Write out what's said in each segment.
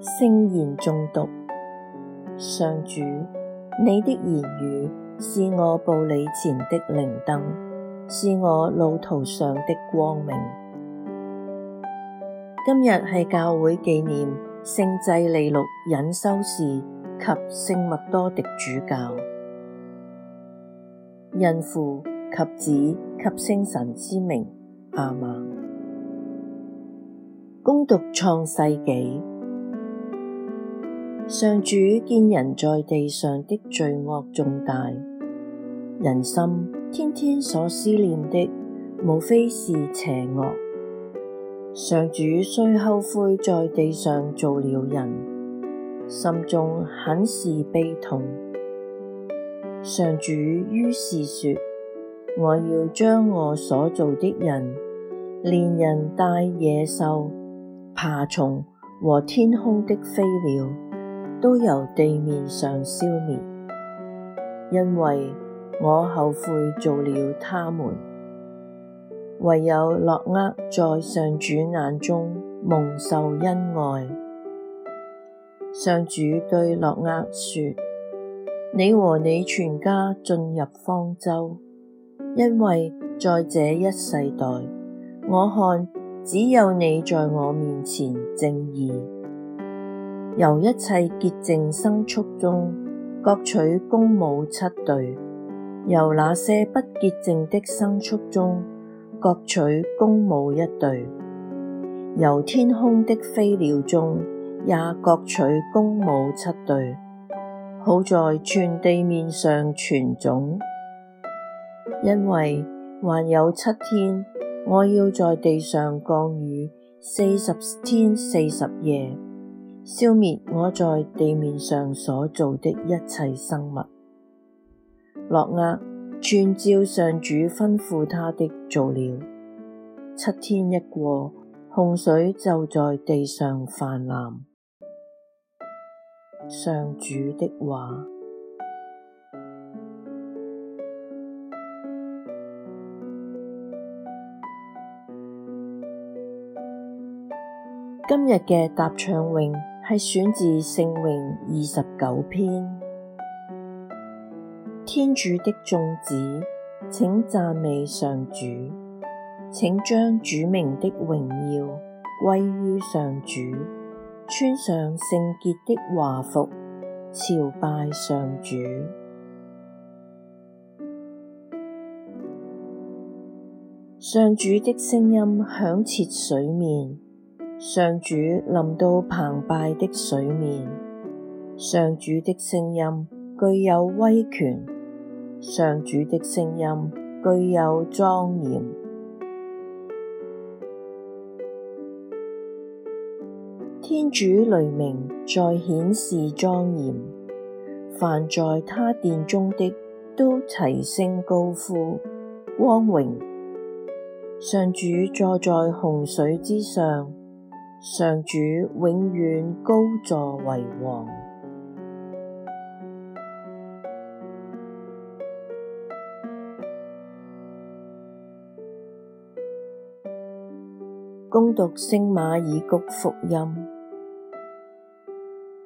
聖言誦讀，上主，你的言語是我步履前的靈燈，是我路途上的光明。今日係教會紀念。聖濟利祿隱修士及聖默多狄主教，因父及子及聖神之名阿們。恭讀創世紀。上主見人在地上的罪惡重大，人心天天所思念的無非是邪惡。上主遂後悔在地上造了人，心中很是悲痛。上主於是說：「我要將我所造的人，連人帶野獸、爬蟲和天空的飛鳥，都由地面上消滅，因為我後悔造了他們。」唯有諾厄在上主眼中蒙受恩愛。上主對諾厄說：你和你全家進入方舟，因為在這一世代，我看只有你在我面前正義。由一切潔淨牲畜中，各取公母七對；由那些不潔淨的牲畜中，各取公母一對，由天空的飛鳥中也各取公母七對，好在全地面上傳種，因為還有七天，我要在地上降雨四十天四十夜，消滅我在地面上所造的一切生物。諾厄。全照上主吩咐他的做了，七天一過，洪水就在地上泛濫。上主的話。今日嘅答唱詠係選自聖詠二十九篇。天主的眾子，請讚美上主，請將主名的榮耀歸於上主，穿上聖潔的華服，朝拜上主。上主的聲音響徹水面，上主臨到澎湃的水面，上主的聲音具有威權。上主的聲音具有莊嚴，天主雷鳴在顯示莊嚴，凡在他殿中的都齊聲高呼光榮。上主坐在洪水之上，上主永遠高坐為王。恭讀《聖馬爾谷福音》，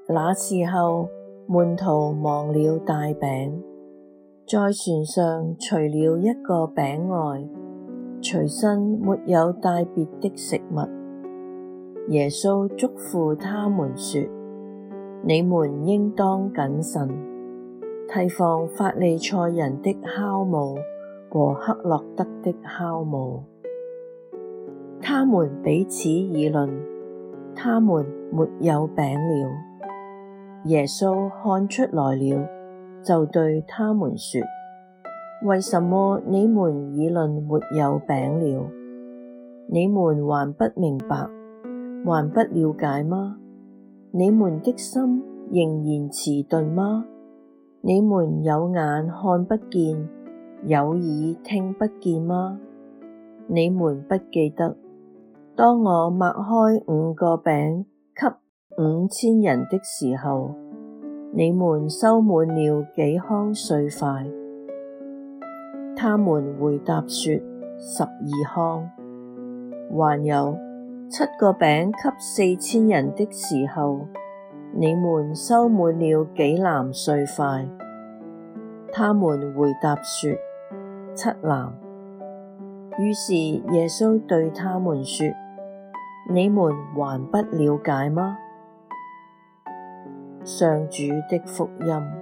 那時候，門徒忘了帶餅，在船上除了一個餅外，隨身沒有帶別的食物。耶穌囑咐他們說：你們應當謹慎，提防法利賽人的酵母和黑落德的酵母。他們彼此議論，他們沒有餅了。耶穌看出來了，就對他們說：為什麼你們議論沒有餅了？你們還不明白，還不了解嗎？你們的心仍然遲鈍嗎？你們有眼看不見，有耳聽不見嗎？你們不記得：當我擘開五個餅給五千人的時候，你們收滿了幾筐碎塊？他們回答說：十二筐。還有七個餅給四千人的時候，你們收滿了幾籃碎塊？他們回答說：七籃。於是耶穌對他們說：你們還不了解嗎？上主的福音。